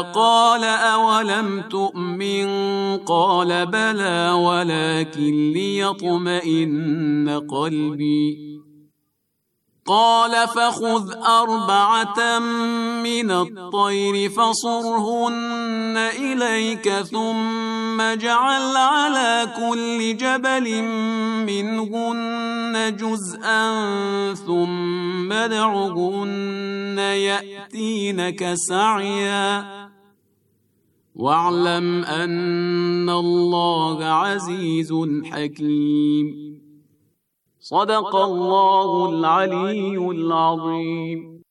قال اولم تؤمن قال بلى ولكن ليطمئن قلبي قال فخذ اربعه من الطير فصرهن اليك ثم اجعل على كل جبل منهن جزءا ثم ادعهن ياتينك سعيا واعلم ان الله عزيز حكيم صدق الله العلي العظيم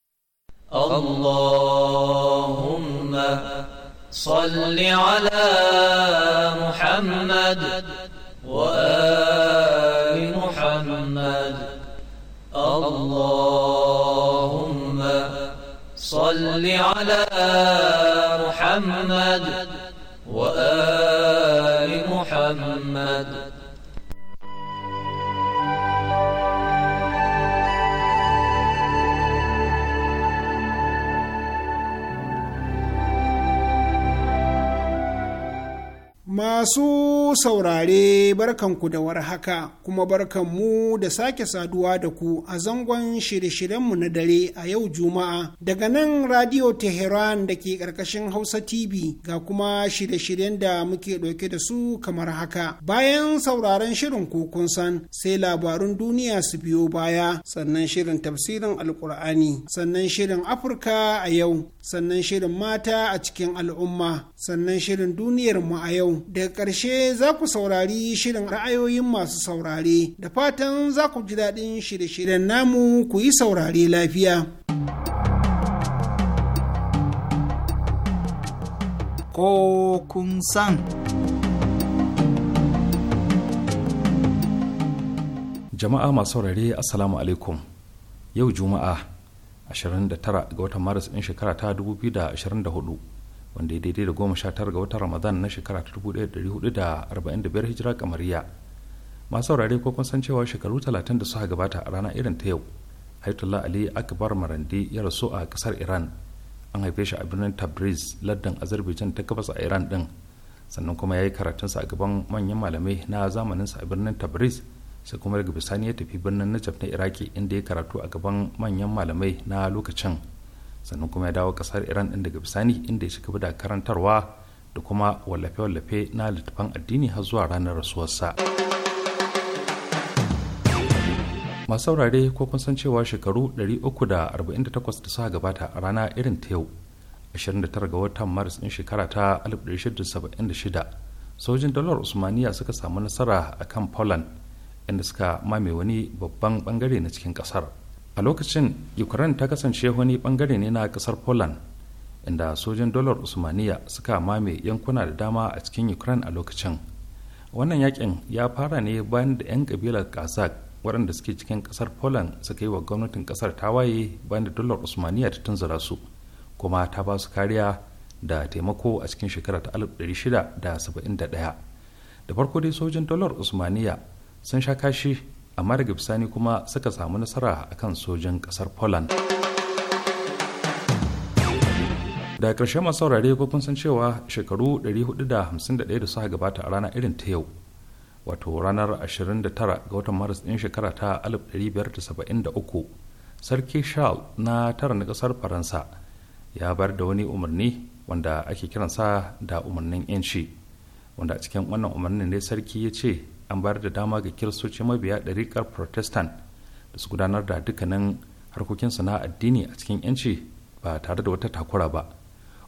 اللهم صل على محمد وال محمد صل على محمد وآل محمد Masu saurare barkanku da warhaka kuma barkanmu da sake saduwa da ku a zangon shirye-shiryenmu na dare a yau Juma'a daga nan Radio Teheran da ke ƙarƙashin Hausa TV ga kuma shirye-shiryen da muke ɗauke da su kamar haka. Bayan sauraron shirin kokun san sai labarun duniya su biyo baya sannan shirin tafsirin Alƙur'ani sannan shirin Afirka a yau sannan shirin mata a cikin al'umma sannan shirin duniyar mu a yau daga ƙarshe za ku saurari shirin ra'ayoyin masu saurare da fatan za ku ji daɗin shirye-shiryen namu ku yi saurare lafiya ko kun san jama'a masu saurare assalamu alaikum yau juma'a 29 ga watan maris ɗin shekara ta wanda ya daidai da goma sha tara ga watan ramadan na shekara ta dubu ɗaya ɗari hudu da arba'in da biyar hijira kamariya masu saurare ko kun san cewa shekaru talatin da suka gabata a rana irin ta yau haitullah ali akbar marandi ya rasu a kasar iran an haife shi a birnin tabriz lardin azerbaijan ta gabas a iran din sannan kuma ya yi karatunsa a gaban manyan malamai na zamaninsa a birnin tabriz sai kuma daga bisani ya tafi birnin najaf na iraki inda ya karatu a gaban manyan malamai na lokacin sannan kuma ya dawo kasar iran din daga bisani inda ya shiga da karantarwa da kuma wallafe-wallafe na littafan addini har zuwa ranar rasuwarsa masu saurare ko kun san cewa shekaru 348 da suka gabata a rana irin ta yau 29 ga watan maris din shekara ta 1676 sojin dalar usmaniya suka samu nasara a kan poland inda suka mame wani babban bangare na cikin kasar. a lokacin ukraine ta kasance wani bangare ne na kasar poland inda sojin dolar usmaniya suka mame yankuna da dama a cikin ukraine a lokacin wannan yakin ya fara ne bayan da 'yan kabilar kazakh waɗanda suke cikin kasar poland suka yi wa gwamnatin kasar tawaye bayan da dolar usmaniya ta tunzura su kuma ta ba su kariya da taimako a cikin shekara ta 1671 da farko dai sojin dolar usmaniya sun sha kashi amma daga bisani kuma suka samu nasara a kan sojan kasar poland da ƙarshe masu saurare kun san cewa shekaru 451 da suka gabata a rana irin ta yau wato ranar 29 ga watan maris ɗin shekara ta 1573 sarki charles na tara na ƙasar faransa ya bar da wani umarni wanda ake kiransa da umarnin yanci wanda a cikin wannan umarnin ne sarki ya ce an bayar da dama ga kiristoci mabiya ɗariƙar protestant da su gudanar da dukkanin harkokinsu na addini a cikin yanci ba tare da wata takura ba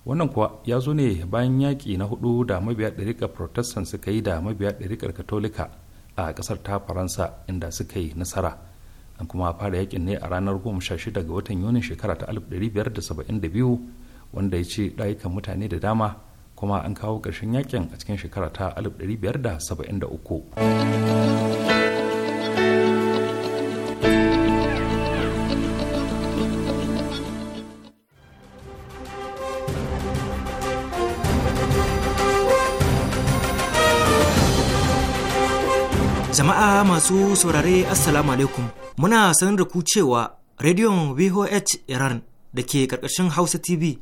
wannan kuwa ya zo ne bayan yaƙi na hudu da mabiya ɗariƙar protestant suka yi da mabiya ɗariƙar katolika a ƙasar ta faransa inda suka yi nasara an kuma fara yakin ne a ranar 16 ga watan yunin shekara ta biyu wanda ya ce ɗayukan mutane da dama kuma an kawo ƙarshen yakin a cikin shekara ta 1573 Jama'a masu saurare Assalamu alaikum muna sanar da ku cewa rediyon VOH Iran da ke ƙarƙashin Hausa TV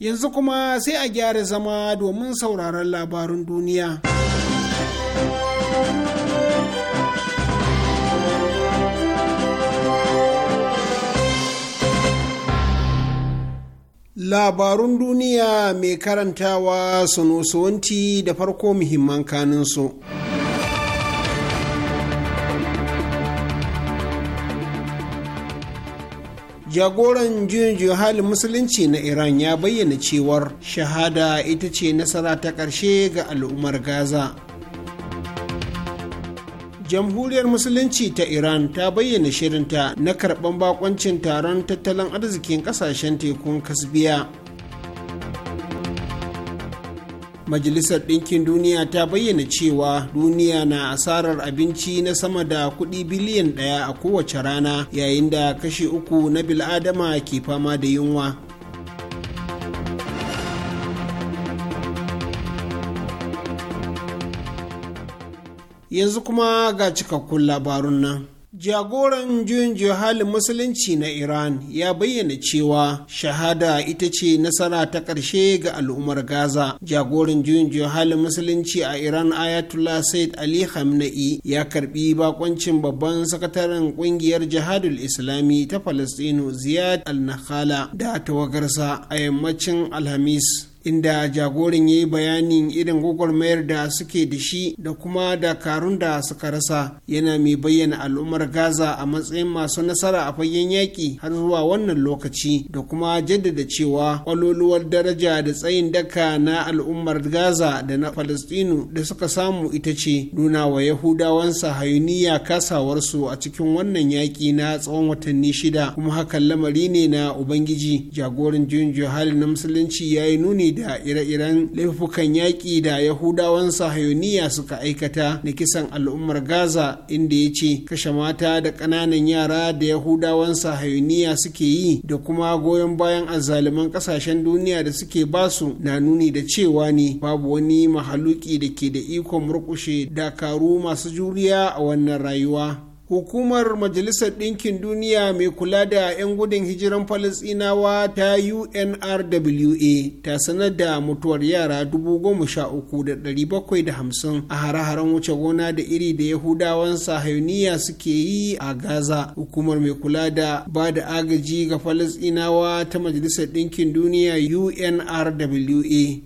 yanzu kuma sai a gyara zama domin sauraron labarun duniya. Labarun duniya mai karantawa sunusuwanti da farko muhimman kaninsu. jagoran juyin halin musulunci na iran ya bayyana cewar shahada ita ce nasara ta ƙarshe ga al'ummar gaza jamhuriyar musulunci ta iran ta bayyana shirinta na karɓan bakoncin taron tattalin arzikin ƙasashen tekun kasbiya majalisar ɗinkin duniya ta bayyana cewa duniya na asarar abinci na sama da kuɗi biliyan ɗaya a kowace rana yayin da kashi uku na bil'adama ke fama da yunwa yanzu kuma ga cikakkun labarun nan Jagoran juyin halin musulunci na Iran ya bayyana cewa shahada ita ce nasara ta ƙarshe ga al'ummar Gaza. Jagoran juyin halin musulunci a Iran Ayatollah Said Ali Khamenei ya karbi bakoncin babban sakataren ƙungiyar jihadul Islami ta Falastinu Ziyad al-Nakhala da tawagarsa a yammacin Alhamis. inda jagoran ya yi bayanin irin gwagwarmayar da suke da shi da kuma dakarun da suka rasa yana mai bayyana al'ummar gaza a matsayin masu nasara a fagen yaƙi har zuwa wannan lokaci da kuma jaddada cewa kwaloluwar daraja da tsayin daka na al'ummar gaza da na falastinu da suka samu ita ce nuna wa Yahudawansa sahayuniya kasawarsu a cikin wannan yaƙi na tsawon watanni shida kuma hakan lamari ne na ubangiji jagoran juyin juhali na musulunci ya yi nuni da ire-iren laifukan yaƙi da yahudawan sahayoniya suka aikata na kisan al'ummar gaza inda ya ce kashe mata da ƙananan yara da yahudawan sahayoniya suke yi da kuma goyon bayan azzaluman ƙasashen duniya da suke basu na nuni da cewa ne babu wani mahaluki da ke da ikon murƙushe dakaru masu juriya a wannan rayuwa hukumar majalisar ɗinkin duniya mai kula da 'yan gudun hijiran falasinawa ta unrwa ta sanar da mutuwar yara 13,750 a hare-haren wuce gona da iri da yahudawan sahayuniya suke yi a gaza hukumar mai kula da ba da agaji ga falasinawa ta majalisar ɗinkin duniya unrwa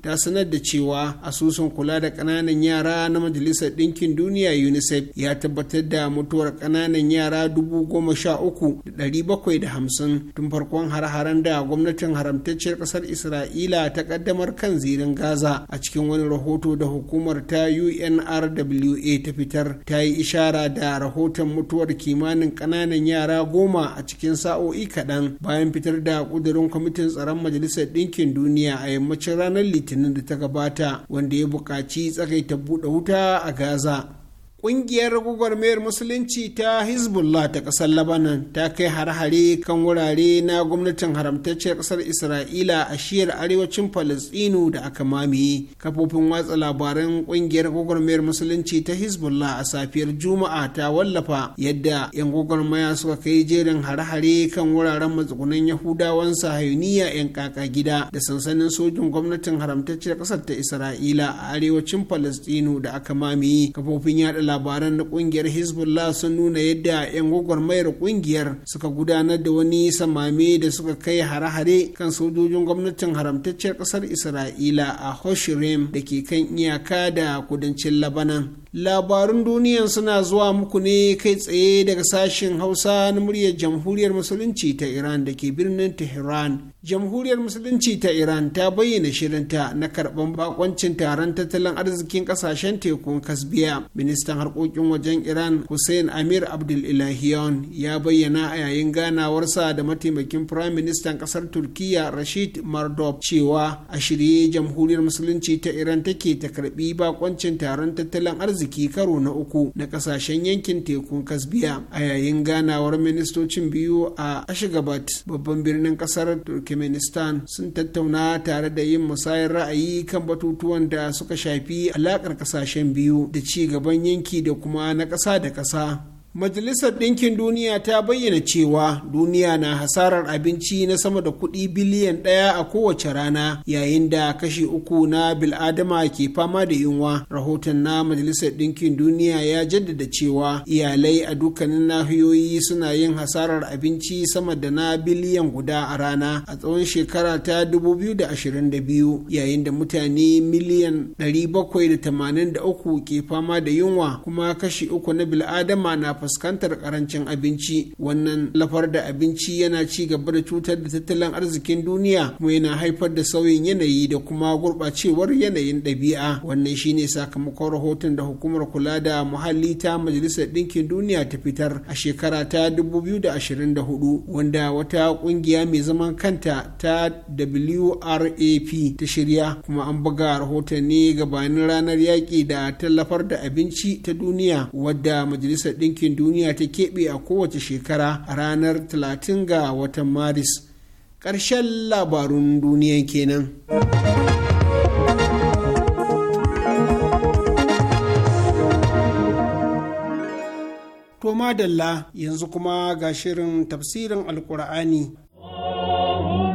ta sanar da cewa asusun kula da ƙananan yara na majalisar ɗinkin duniya unicef ya tabbatar da mutuwar ƙananan kananan yara dubu goma sha uku da ɗari bakwai da hamsin tun farkon har-haren da gwamnatin haramtacciyar ƙasar isra'ila ta ƙaddamar kan zirin gaza a cikin wani rahoto da hukumar ta unrwa ta fitar ta yi ishara da rahoton mutuwar kimanin ƙananan yara goma a cikin sa'o'i kaɗan bayan fitar da ƙudurin kwamitin tsaron majalisar ɗinkin duniya a yammacin ranar litinin da ta gabata wanda ya buƙaci tsakaita buɗe wuta a gaza Ƙungiyar gwagwarmayar Musulunci ta Hezbollah ta ƙasar Labanan ta kai har-hare kan wurare na gwamnatin haramtacciyar ƙasar Isra'ila a shiyar arewacin Falasɗinu da aka mamaye. Kafofin watsa labaran ƙungiyar gwagwarmayar Musulunci ta Hezbollah a safiyar Juma'a ta wallafa yadda 'yan gwagwarmaya suka kai jerin har-hare kan wuraren matsugunan Yahudawan Sahayuniya 'yan kaka gida da sansanin sojin gwamnatin haramtacciyar ƙasar ta Isra'ila a arewacin Falasɗinu da aka mamaye. Kafofin yaɗa labaran na kungiyar hezbollah sun nuna yadda 'yan gwagwarmayar kungiyar suka gudanar da wani samame da suka kai hare-hare kan sojojin gwamnatin haramtacciyar kasar isra'ila a hoshirim da ke kan iyaka da kudancin labanan labarun duniya suna zuwa muku ne kai tsaye daga sashen hausa na muryar jamhuriyar musulunci ta iran da ke birnin tehran jamhuriyar musulunci ta iran ta bayyana shirinta na karban bakoncin taron tattalin arzikin kasashen tekun kasbiya ministan harkokin wajen iran hussein amir abdul ilahiyon ya bayyana a yayin ganawarsa da mataimakin firayim ministan kasar turkiya rashid mardob cewa a shirye jamhuriyar musulunci ta iran take ta karbi bakoncin taron tattalin arziki arziki karo na uku na kasashen yankin tekun kasbiya a yayin ganawar ministocin biyu a ashgabat babban birnin kasar turkmenistan sun tattauna tare da yin musayar ra'ayi kan batutuwan da suka shafi alakar kasashen biyu da ci gaban yanki da kuma na kasa da kasa. Majalisar Ɗinkin Duniya ta bayyana cewa duniya na hasarar abinci na sama da kuɗi biliyan ɗaya a kowace rana yayin da kashi uku na bil'adama ke fama da yunwa. Rahoton na Majalisar Ɗinkin Duniya ya jaddada cewa iyalai a dukkanin nahiyoyi suna yin hasarar abinci sama da na biliyan guda a rana a tsawon shekara ta 2022 yayin da mutane miliyan 783 ke fama da yunwa kuma kashi uku na bil'adama na fuskantar karancin abinci wannan lafar da abinci yana ci gaba da cutar da tattalin arzikin duniya kuma yana haifar da sauyin yanayi da kuma gurɓacewar yanayin ɗabi'a wannan shine sakamakon rahoton da hukumar kula da muhalli ta majalisar ɗinkin duniya ta fitar a shekara ta 2024 wanda wata ƙungiya mai zaman kanta ta WRAP ta shirya kuma an buga rahoton ne gabanin ranar yaƙi da tallafar da abinci ta duniya wadda majalisar ɗinkin duniya ta keɓe a kowace shekara a ranar 30 ga watan maris ƙarshen labarun duniya kenan. To madalla yanzu kuma ga shirin tafsirin Alƙur'ani. Allahumma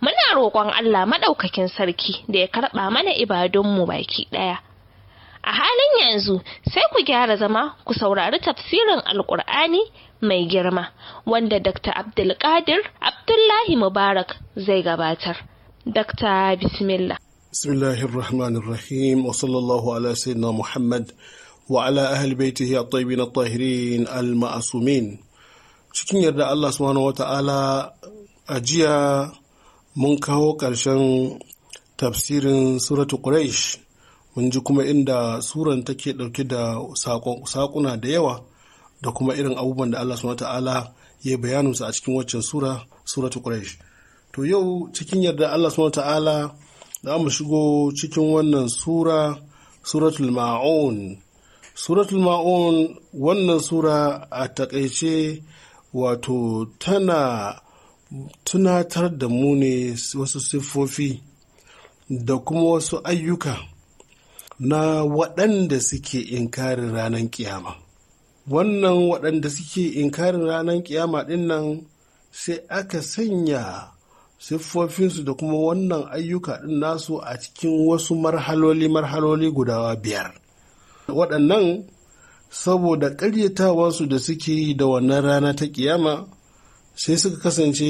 muna roƙon Allah maɗaukakin sarki da ya karɓa mana ibadunmu baki ɗaya. A halin yanzu sai ku gyara zama ku saurari tafsirin Alƙur'ani mai girma wanda Dr. Abdulkadir Abdullahi Mubarak zai gabatar. Dr. Bismillah. Bismillahirrahmanirrahim wa sallallahu ala sayyidina Muhammad wa ala ahli baitihi at-tayyibin at-tahirin al-ma'sumin. Cikin yarda Allah subhanahu wa ta'ala ajiya. mun kawo ƙarshen tafsirin suratu quraish mun ji kuma inda suran take ɗauke da saƙuna da yawa da kuma irin abubuwan da Allah subhanahu ta'ala ya bayanin su a cikin waccan sura suratu quraish to yau cikin yarda Allah subhanahu ta'ala za mu shigo cikin wannan sura suratul ma'un suratul ma'un wannan sura a taƙaice wato tana tunatar da mu ne wasu siffofi da kuma wasu ayyuka na waɗanda suke inkarin ranar kiyama wannan waɗanda suke inkarin ranar kiyama ɗin nan sai aka sanya siffofinsu da kuma wannan ayyuka ɗin nasu a cikin wasu marhaloli marhaloli gudawa biyar waɗannan saboda ƙaryatawarsu da suke yi da wannan rana ta kiyama sai suka kasance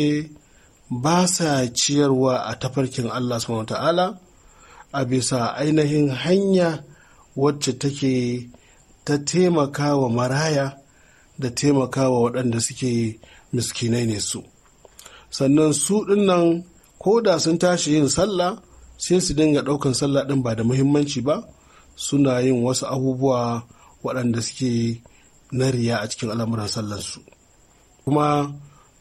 ba sa ciyarwa a tafarkin Allah subhanahu ta'ala a bisa ainihin hanya wacce take ta taimaka wa maraya da taimaka wa waɗanda suke miskinai ne su sannan su ɗinnan ko da sun tashi yin sallah sai su dinga ɗaukan sallah ɗin ba da muhimmanci ba suna yin wasu abubuwa waɗanda suke na riya a cikin al'amuran sallarsu kuma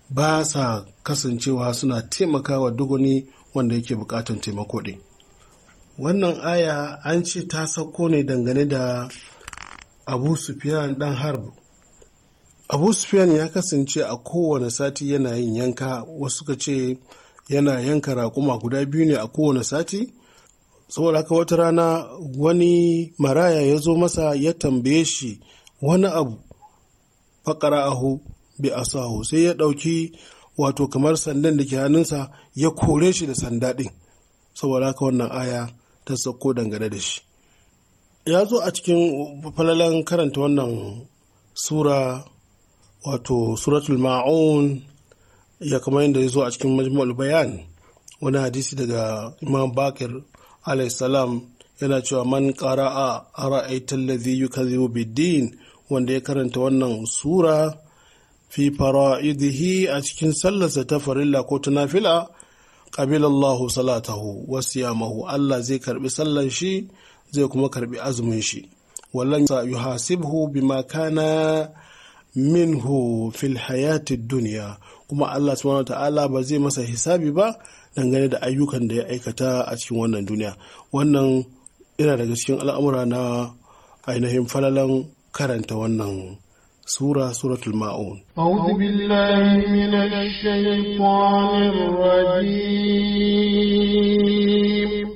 ba sa kasancewa suna taimakawa duk wani wanda yake bukatan taimako ɗin wannan aya an ce ta sauko ne dangane da abu sufiyan dan harb abu sufiyan ya kasance a kowane sati yana yin yanka wasu ka ce yana yanka raƙuma guda biyu ne a kowane sati saboda haka wata rana wani maraya ya zo masa ya tambaye shi wani abu faƙara ahu bi asahu sai ya ɗauki wato kamar sandan da ke hannunsa ya kore shi da sanda ɗin saboda haka wannan aya ta sauko dangane da shi ya zo a cikin falalan karanta wannan sura wato suratul ma'un ya kamar yadda ya zo a cikin majmu'ul bayan wani hadisi daga imam bakir alaihissalam yana cewa man qara'a ara'aita allazi yukazzibu bid wanda ya karanta wannan sura fi fara'idihi a cikin sallarsa ta farilla ko ta nafila qabilallahu salatahu wa siyamahu Allah zai karbi sallar shi zai kuma karbi azumin shi wallan bi bima kana minhu fil hayati dunya kuma Allah subhanahu ta'ala ba zai masa hisabi ba dangane da ayyukan da ya aikata a cikin wannan duniya wannan ina daga cikin al'amura na ainihin falalan karanta wannan سورة سورة الماعون أعوذ بالله من الشيطان الرجيم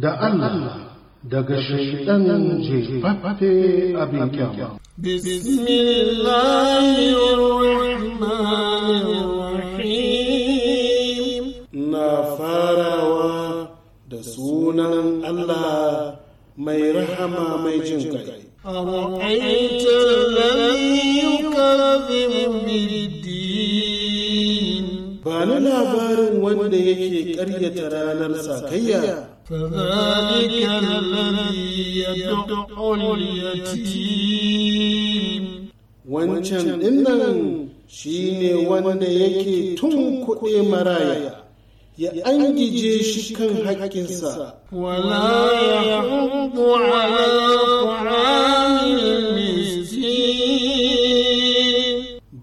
da Allah daga shaidan jefaffe abin kyama. Bismillahirrahmanirrahim Na farawa da sunan Allah mai rahama mai jin أرأيت الذي يكذب بالدين بان labarin wanda yake ta ranar sakayya فذلك الذي يدعو اليتيم wancan dinnan shine wanda yake tun kuɗe maraya ya angije shi kan haƙƙinsa. Wala ya hudu ala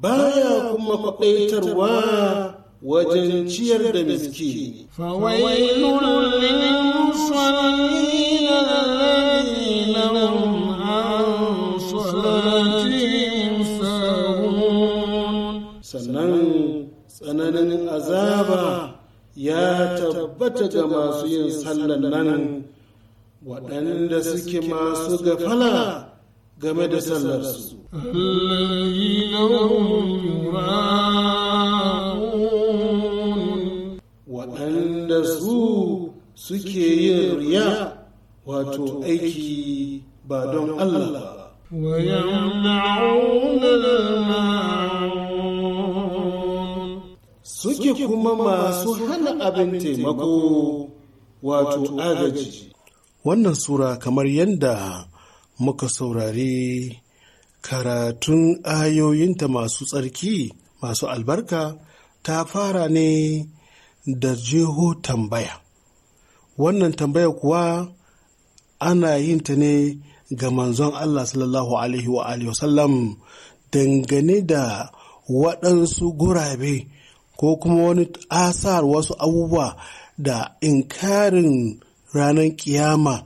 Baya kuma kwaɗaitarwa wajen ciyar da miski. Fawailun lil musallin alladhina hum an salatihim sahun. Sannan tsananin azaba ya tabbata ga masu yin sallan nan waɗanda suke masu gafala game da sallarsu. waɗanda su suke yin riya wato aiki ba don Allah ba. suke kuma masu hana abin taimako wato agaji. Wannan Sura kamar yadda muka saurari karatun ayoyinta masu tsarki masu albarka ta fara ne da jeho tambaya. Wannan tambaya kuwa ana yin ta ne ga manzon Allah sallallahu Alaihi wa sallam dangane da waɗansu gurabe ko kuma wani asar wasu abubuwa da inkarin ranar kiyama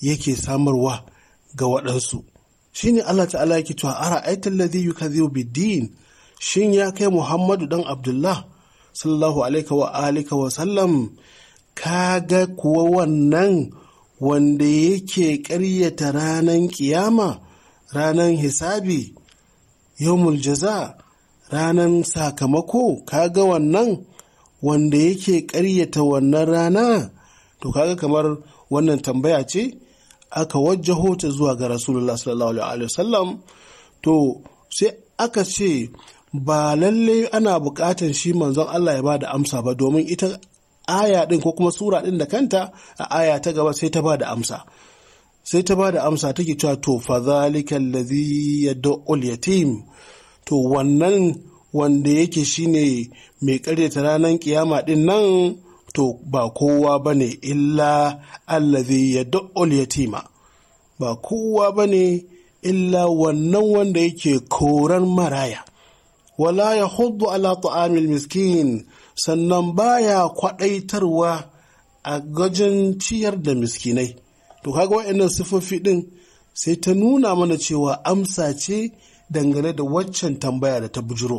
yake samarwa ga waɗansu Shi ne Allah ta'ala yake cewa ara aitan ladhi yukadhibu bid shin ya kai Muhammadu dan Abdullah sallallahu alaihi wa alihi wa sallam kaga kuwa wannan wanda yake karyata ranar kiyama ranar hisabi yawmul jaza' ranan sakamako kaga wannan wanda yake karyata wannan rana to kaga kamar wannan tambaya ce aka wajjaho ta zuwa ga rasulullah sallallahu alaihi wasallam to sai aka ce ba lalle ana buƙatar shi manzon Allah ya ba da amsa ba domin ita aya ɗin ko kuma sura ɗin da kanta a aya ta gaba sai ta ba da amsa sai ta ba da amsa take cewa to fa zalika allazi yad'u al-yatim to wannan wanda yake shine mai karyata ranar kiyama din nan to ba kowa ba ne illa allazi ya da'ul yatima ba kowa ba ne illa wannan wanda yake koran maraya wala ya hudu ala ta'amil miskin sannan baya kwadaitarwa a gajin ciyar da miskinai to kaga wa'annan sifofi din sai ta nuna mana cewa amsa ce dangane da waccan tambaya da ta bujiro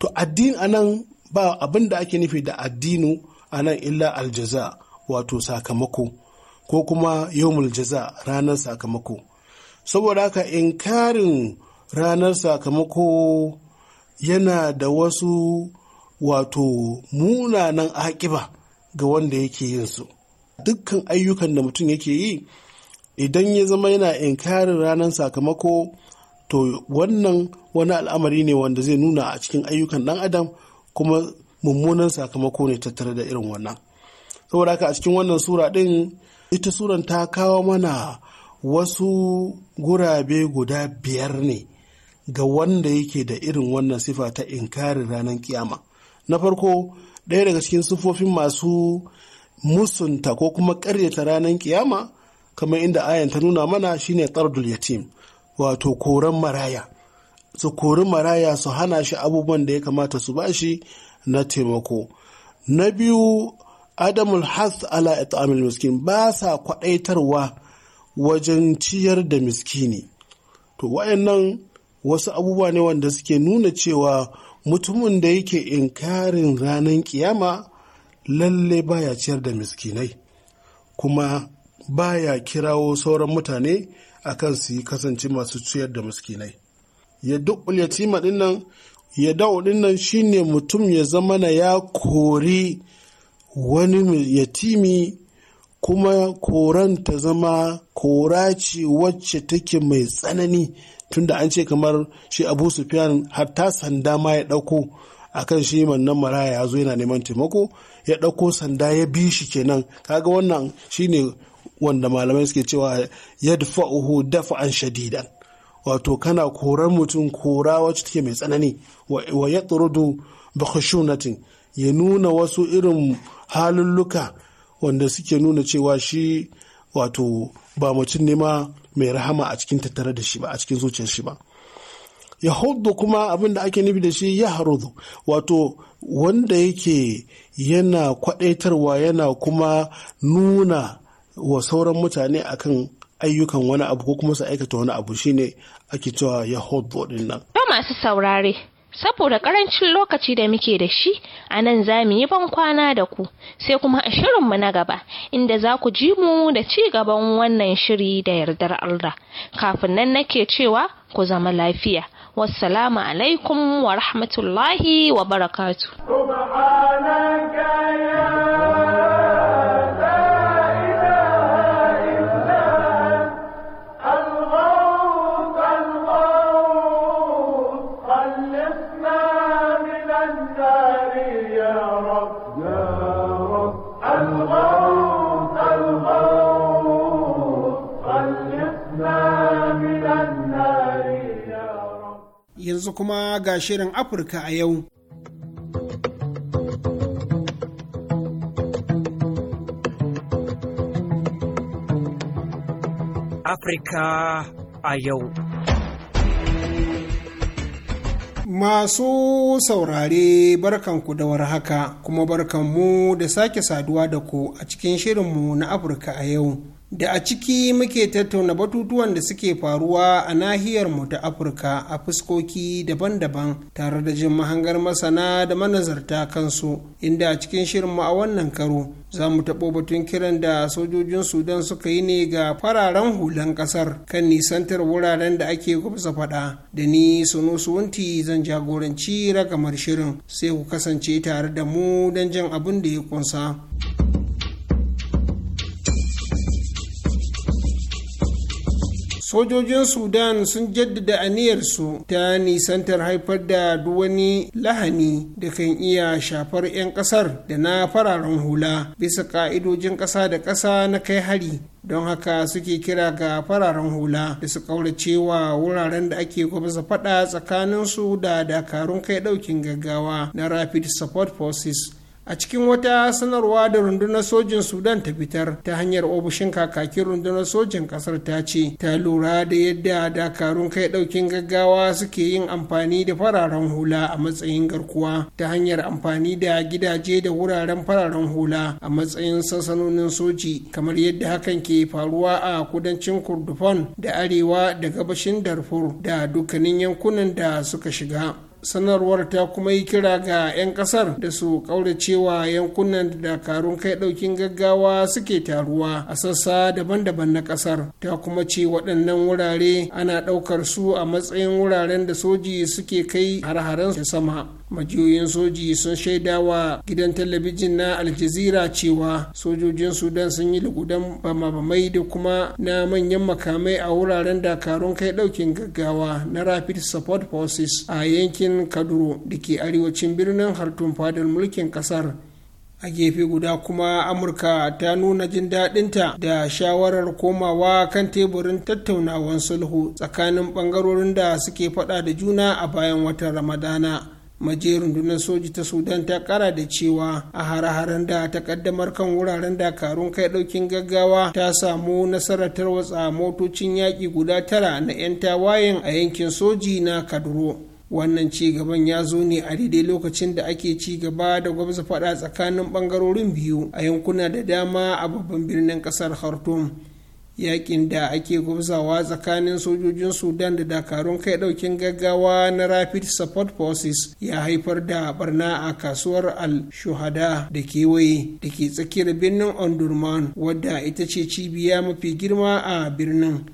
to addini anan ba abin da ake nufi da addinu anan illa aljaza wato sakamako ko kuma yawmul jaza ranar sakamako saboda haka inkarin ranar sakamako yana da wasu wato munanan akiba ga wanda yake yin su dukkan ayyukan da mutum yake yi idan ya zama yana inkarin ranar sakamako to wannan wani al'amari ne wanda zai nuna a cikin ayyukan ɗan adam kuma mummunan sakamako ne tattare da irin wannan saboda haka a cikin wannan sura ɗin ita suran ta kawo mana wasu gurabe guda biyar ne ga wanda yake da irin wannan sifa ta inkarin ranar kiyama na farko ɗaya daga cikin sifofin masu musunta ko kuma ƙaryata ranar kiyama kamar inda ayan ta nuna mana shine tsardul yatim wato koran maraya su kori maraya su hana shi abubuwan da ya kamata su bashi na taimako na biyu adamul has ala it'amil miskin ba sa kwaɗaitarwa wajen ciyar da miskini to wayannan wasu abubuwa ne wanda suke nuna cewa mutumin da yake inkarin ranar kiyama lalle baya ciyar da miskinai kuma baya kirawo sauran mutane akan su yi kasance masu ciyar da muskinai ya duk yatima nan ya dawo shine mutum ya zama na ya kori wani yatimi kuma koran ta zama kora ce wacce take mai tsanani tunda an ce kamar shi abu Sufiyan hatta sanda ma ya ɗauko akan shi nan maraya ya zo yana neman taimako ya ɗauko sanda ya bi shi kenan kaga wannan shine wanda malamai suke cewa yadfa'uhu dafa'an shadidan wato kana korar mutum kora wacce take mai tsanani wa ya turudu ya nuna wasu irin halulluka wanda suke nuna cewa shi wato ba mutum ne ma mai rahama a cikin tattare da shi ba a cikin zuciyar shi ba ya hudu kuma abin da ake nufi da shi ya harudu wato wanda yake yana kwadaitarwa yana kuma nuna wa sauran mutane kan ayyukan wani abu ko kuma su aikata wani abu shine ake cewa ya din nan. Ba masu saurare, saboda karancin lokaci da muke da shi a nan za mu yi ban kwana da ku sai kuma a shirinmu na gaba inda za ku ji mu da ci gaban wannan shiri da yardar Allah kafin nan nake cewa ku zama lafiya wassalamu alaikum wa rahmatullahi wa barakatu yanzu kuma ga shirin Afirka a yau. Afirka a yau. Masu saurare barkanku da war haka kuma barkanmu da sake saduwa da ku a cikin shirinmu na Afirka a yau. da a ciki muke tattauna batutuwan da suke faruwa a nahiyar mu ta afirka a fuskoki daban-daban tare da jin mahangar masana da manazarta kansu inda a cikin shirinmu a wannan karo za mu taɓo batun kiran da sojojin sudan suka yi ne ga fararen hulan ƙasar kan nisantar wuraren da ake gubsa faɗa da ni sunu suwunti zan jagoranci ragamar shirin sai ku kasance tare da mu don jin abin da ya ƙunsa. sojojin sudan sun jaddada aniyarsu ta nisantar haifar da wani lahani da kan iya shafar 'yan kasar da na fararen hula bisa ka'idojin kasa da kasa na kai hari don haka suke kira ga fararen hula da su cewa wuraren da ake gwamza faɗa su da dakarun kai ɗaukin gaggawa na rapid support forces a cikin wata sanarwa da rundunar sojin sudan ta fitar ta hanyar ofishin kakakin rundunar sojin kasar ta ce ta lura da yadda dakarun kai daukin gaggawa suke yin amfani da fararen hula a matsayin garkuwa ta hanyar amfani da gidaje da wuraren fararen hula a matsayin sansanonin soji kamar yadda hakan ke faruwa a kudancin kurdufan da arewa da gabashin darfur da dukkanin yankunan da suka shiga sanarwar ta kuma yi kira ga 'yan kasar da su cewa yankunan da dakarun kai daukin gaggawa suke taruwa a sassa daban-daban na kasar ta kuma ce waɗannan wurare ana ɗaukar su a matsayin wuraren da soji suke kai har-haren sama majiyoyin soji sun shaida wa gidan talabijin na aljazira cewa sojojin sudan sun yi lugudan bamabamai da kuma na manyan makamai a wuraren dakarun kai daukin gaggawa na rapid support forces a yankin kaduro da ke arewacin birnin hartun fadar mulkin kasar a gefe guda kuma amurka ta nuna jin daɗinta da shawarar komawa kan teburin tattaunawan sulhu tsakanin ɓangarorin da suke faɗa da juna a bayan watan ramadana majiyar rundunar soji ta sudan ta kara da cewa a hare-haren da ta kaddamar kan wuraren dakarun kai daukin gaggawa ta samu nasarar tarwatsa motocin yaƙi guda tara na 'yan tawayen a yankin soji na kaduro wannan ci gaban ya zo ne a daidai lokacin da ake ci gaba da gwamza faɗa tsakanin ɓangarorin biyu a yankuna da dama a babban birnin ƙasar khartoum yakin da ake gwamzawa tsakanin sojojin sudan da dakarun kai daukin gaggawa na rapid support forces ya haifar da barna a kasuwar al-shuhada da kewaye da ke tsakiyar birnin ondurman wadda ita ce cibiya mafi girma a birnin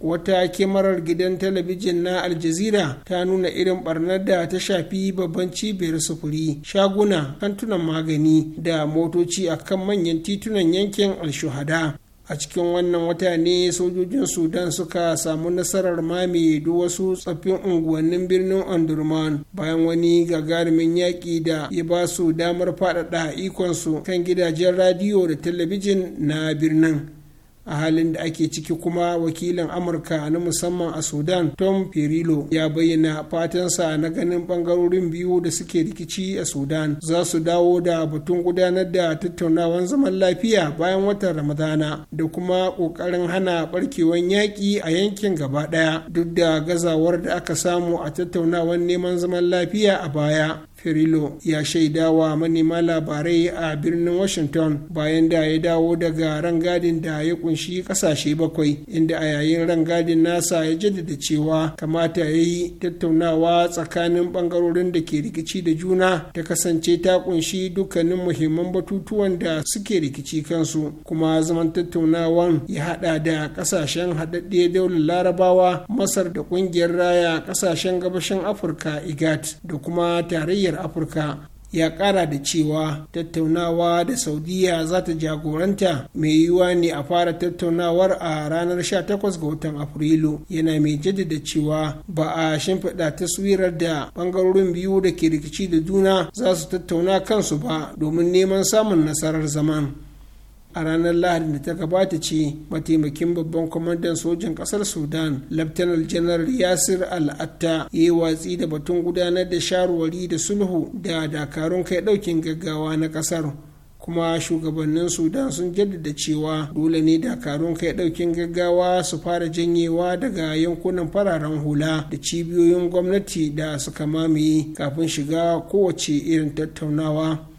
wata kimarar gidan talabijin na aljazira ta nuna irin barnar da ta shafi babban cibiyar sufuri shaguna kantunan magani da motoci akan manyan titunan yankin alshuhada a cikin wannan wata ne sojojin sudan suka samu nasarar mami duk wasu tsaffin unguwannin birnin ondurman bayan wani gagarumin yaƙi da ya ba su damar faɗaɗa ikonsu kan gidajen radiyo da talabijin na birnin a halin da ake ciki kuma wakilin amurka na musamman a sudan tom perillo ya bayyana fatansa na ganin bangarorin biyu da suke rikici a sudan za su dawo da batun gudanar da tattaunawan zaman lafiya bayan watan ramadana da kuma kokarin hana barkewan yaƙi a yankin gaba ɗaya duk da gazawar da aka samu a tattaunawan neman zaman lafiya a baya Perillo ya shaidawa manema labarai a birnin Washington bayan da ya dawo daga rangadin da ya kunshi kasashe bakwai inda a yayin rangadin nasa ya jaddada cewa kamata ya yi tattaunawa tsakanin bangarorin da ke rikici da juna ta kasance ta kunshi dukkanin muhimman batutuwan da suke rikici kansu kuma zaman tattaunawan ya hada da kasashen haɗaɗɗe daular larabawa masar da kungiyar raya kasashen gabashin afirka igat da kuma tarayyar. nahiyar afirka ya kara da cewa tattaunawa da saudiya za ta jagoranta mai yiwuwa ne a fara tattaunawar a ranar 18 ga watan afrilu yana mai jaddada cewa ba a shimfiɗa taswirar da ɓangarorin biyu da ke rikici da juna za su tattauna kansu ba domin neman samun nasarar zaman a ranar lahadi da ta gabata ce mataimakin babban kwamandan sojan kasar sudan laftanar janar yasir al'atta ya yi watsi da batun gudanar da sharwari da sulhu da dakarun kai daukin gaggawa na kasar kuma shugabannin sudan sun jaddada cewa dole ne dakarun kai daukin gaggawa su fara janyewa daga yankunan fararen hula da cibiyoyin gwamnati da suka mamaye kafin shiga kowace irin tattaunawa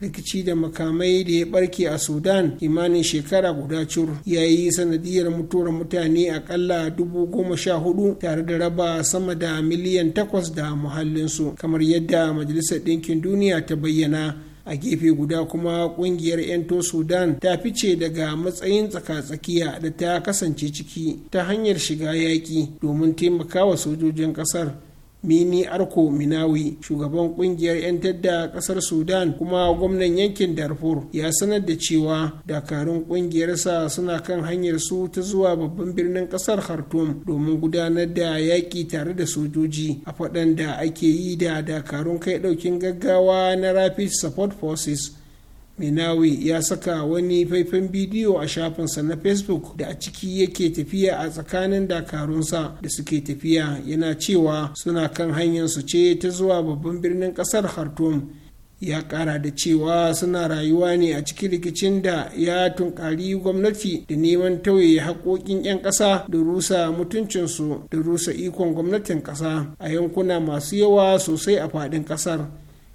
rikici da makamai da ya barke a sudan kimanin shekara guda cur ya yi sanadiyar mutuwar mutane akalla dubu goma sha hudu tare da raba sama da miliyan takwas da muhallinsu kamar yadda majalisar ɗinkin duniya ta bayyana a gefe guda kuma kungiyar 'yanto sudan ta fice daga matsayin tsaka-tsakiya da ta kasance ciki ta hanyar shiga yaƙi domin taimakawa sojojin ƙasar mini arko minawi shugaban kungiyar 'yan tadda kasar sudan kuma gwamnan yankin darfur ya sanar da cewa dakarun kungiyarsa suna kan hanyar su ta zuwa babban birnin kasar khartoum domin gudanar da yaƙi tare da sojoji a faɗan da ake yi da dakarun kai ɗaukin gaggawa na rapid support forces minawi ya saka wani faifan bidiyo a shafinsa na facebook da a ciki yake tafiya a tsakanin dakarunsa da suke tafiya yana cewa suna kan hanyar su ce ta zuwa babban birnin kasar khartoum ya kara da cewa suna rayuwa ne a cikin rikicin da ya tunkari gwamnati da neman tauye haƙoƙin 'yan ƙasa da rusa mutuncinsu da rusa ikon gwamnatin ƙasa a yankuna masu yawa sosai a faɗin ƙasar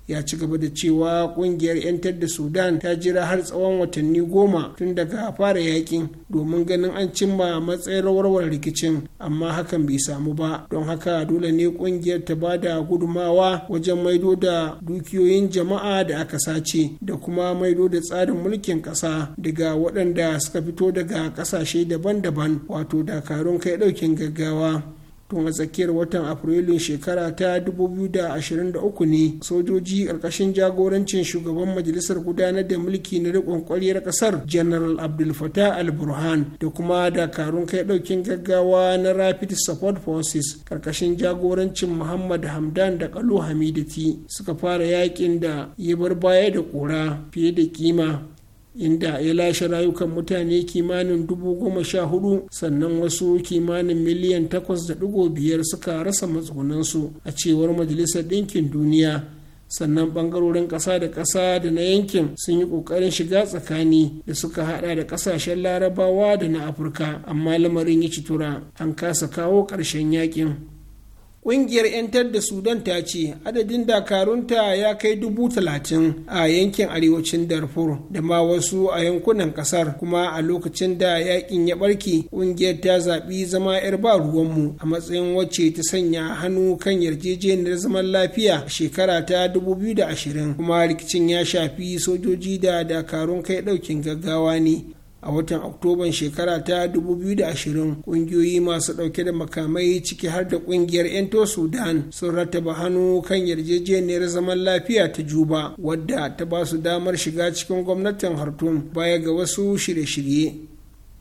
ya ci gaba da cewa kungiyar 'yantar da sudan ta jira har tsawon watanni goma tun daga fara yakin domin ganin an cimma matsayin rawarwar rikicin amma hakan bai samu ba don haka dole ne kungiyar ta ba da gudumawa wajen maido da dukiyoyin jama'a da aka sace da kuma maido da tsarin mulkin kasa daga waɗanda suka fito daga ƙasashe daban-daban wato dakarun kai ɗaukin gaggawa tun a tsakiyar watan afrilun shekara ta 2023 ne sojoji ƙarƙashin jagorancin shugaban majalisar gudanar da mulki na riƙon ƙwaryar ƙasar general abdul fatah al-burhan da kuma dakarun kai ɗaukin gaggawa na rapid support forces ƙarƙashin jagorancin muhammad hamdan da kalu hamidati suka fara yakin da ya bar baya da ƙura fiye da kima inda ya lashe rayukan mutane kimanin dubu goma sha hudu sannan wasu kimanin miliyan takwas da digo biyar suka rasa matsugunansu a cewar majalisar ɗinkin duniya sannan ɓangarorin ƙasa da ƙasa da na yankin sun yi ƙoƙarin shiga tsakani da suka haɗa da ƙasashen larabawa da na afirka amma lamarin ya ci tura an kasa kawo ƙarshen yakin Ƙungiyar 'yantar da Sudan ta ce adadin dakarunta ya kai dubu talatin a yankin arewacin Darfur da ma wasu a yankunan ƙasar kuma a lokacin da yakin ya barke ƙungiyar ta zaɓi zama 'yar ba ruwanmu a matsayin wacce ta sanya hannu kan yarjejeniyar zaman lafiya shekara ta 2020 kuma rikicin ya shafi sojoji da dakarun kai ɗaukin gaggawa ne a watan oktoban shekara ta 2020 kungiyoyi masu dauke da makamai ciki har da kungiyar 'yanto sudan sun rattaba hannu kan yarjejeniyar zaman lafiya ta juba wadda ta ba su damar shiga cikin gwamnatin hartum baya ga wasu shirye-shirye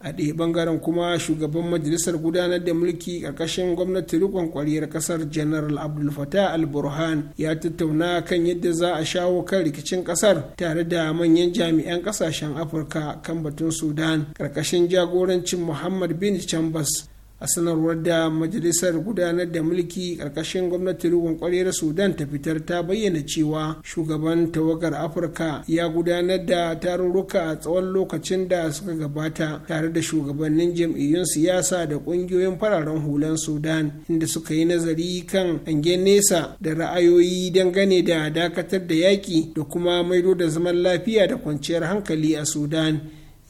a ɗaya ɓangaren kuma shugaban majalisar gudanar da mulki ƙarƙashin gwamnati riƙon ƙwariyar ƙasar Janaral abdul fatah al-burhan ya tattauna kan yadda za a shawo kan rikicin ƙasar tare da manyan jami'an ƙasashen afirka kan batun sudan ƙarƙashin jagorancin muhammad bin chambers a sanarwar da majalisar gudanar da mulki ƙarƙashin gwamnatin ruwan kwarewar sudan ta fitar ta bayyana cewa shugaban tawagar afirka ya gudanar da tarurruka a tsawon lokacin da suka gabata tare da shugabannin jam'iyyun siyasa da ƙungiyoyin fararen hulan sudan inda suka yi nazari kan hange nesa da ra'ayoyi dangane da dakatar da yaƙi da kuma maido da zaman lafiya da kwanciyar hankali a sudan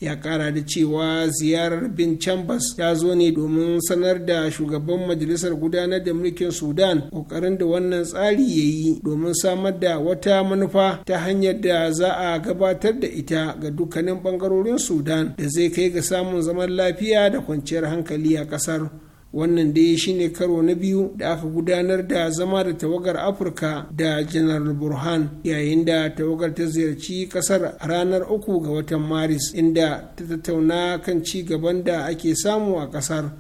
ya kara da cewa ziyarar bin chambers ya zo ne domin sanar da shugaban majalisar gudanar da mulkin sudan kokarin da wannan tsari ya yi domin samar da wata manufa ta hanyar da za a gabatar da ita ga dukkanin bangarorin sudan da zai kai ga samun zaman lafiya da kwanciyar hankali a ƙasar. wannan dai shine karo na biyu da aka gudanar da zama da tawagar afirka da janar burhan yayin da tawagar ta ziyarci kasar a ranar uku ga watan maris inda ta tattauna kan ci gaban da ake samu a kasar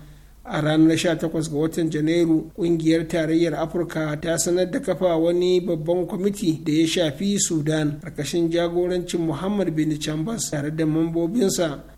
a ranar 18 ga watan janairu kungiyar tarayyar afirka ta sanar da kafa wani babban kwamiti da ya shafi sudan karkashin jagorancin muhammad bin chambers tare da mambobinsa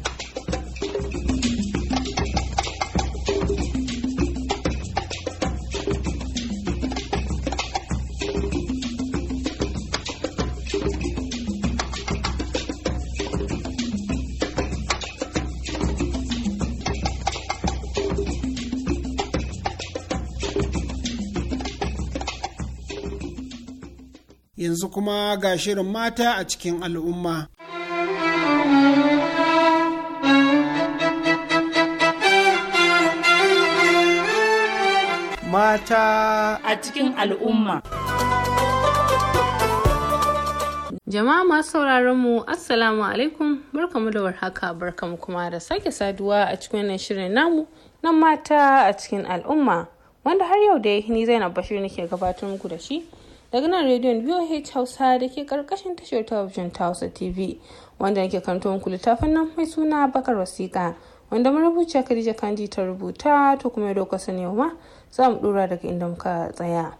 yanzu kuma ga shirin mata a cikin al'umma. Mata a cikin al'umma. Jama'a masu sauraron mu Assalamu alaikum barkamu da warhaka barkamu kuma da sake saduwa a cikin wannan shirin namu na mata a cikin al'umma wanda har yau da ya ni Zainab Bashir nake gabatar muku da shi daga nan rediyon voh hausa da ke karkashin tashar talabijin ta hausa tv wanda yake kanto wanku littafin nan mai suna bakar wasiƙa wanda marubuciya khadija kandi ta rubuta to kuma ya doka sani yau ma za mu dora daga inda muka tsaya.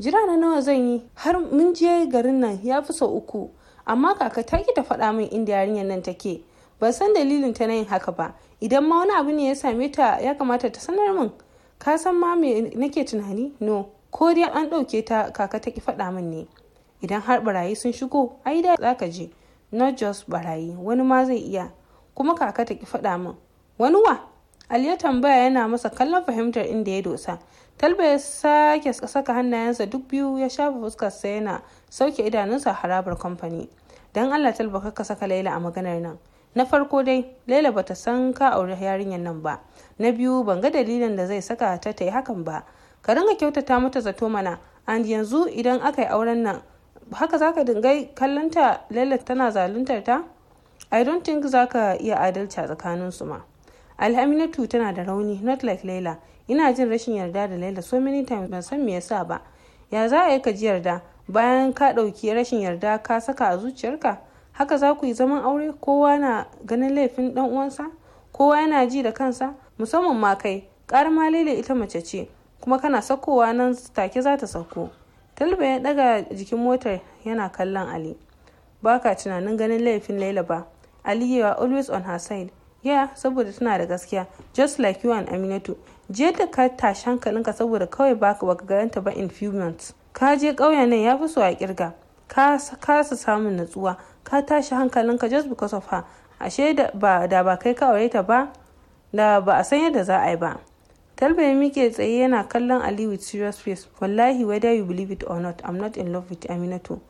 jira na nawa zan yi har mun je garin nan ya fi sau uku amma kaka ta ki ta faɗa min inda yarinyar nan take ban san dalilin ta na yin haka ba idan ma wani abu ne ya same ta ya kamata ta sanar min ka san ma me nake tunani no ko dai an ɗauke ta kaka ta ki faɗa min ne idan har barayi sun shigo ai da za ka je not just barayi wani ma zai iya kuma kaka ta ki faɗa min wani wa aliyu tambaya yana masa kallon fahimtar inda ya dosa talba ya sake saka hannayensa duk biyu ya shafa fuskarsa yana sauke idanunsa harabar kamfani don allah talba ka saka laila a maganar nan na farko dai laila bata san ka auri yarinyar nan ba na biyu ban ga dalilin da zai saka ta ta yi hakan ba ka ringa kyautata mata zato mana and yanzu idan aka yi auren nan haka zaka dinga kallonta laila tana zaluntar ta i don't think zaka iya adalci a tsakanin su ma alhaminatu tana da rauni not like laila ina jin rashin yarda da laila so many times ban san me yasa ba ya za a yi ka ji yarda bayan ka ɗauki rashin yarda ka saka a zuciyarka haka za ku yi zaman aure kowa na ganin laifin dan uwansa kowa yana ji da kansa musamman ma kai kar ma lele ita mace ce kuma kana sakowa nan take za ta sako talba ya daga jikin motar yana kallon ali baka tunanin ganin laifin laila ba ali yawa always on her side ya saboda tana da gaskiya just like you and aminatu je da ka tashi hankalinka saboda kawai baka baka garanta ba in few months ka je ƙauyen nan ya fi so a kirga ka kasa samun natsuwa ka tashi hankalinka just because of her ashe da ba kai ka aure ta ba da ba a san yadda za a yi ba talbe ya mike tsaye yana kallon ali with serious face wallahi whether you believe it or not i'm not in love with aminatu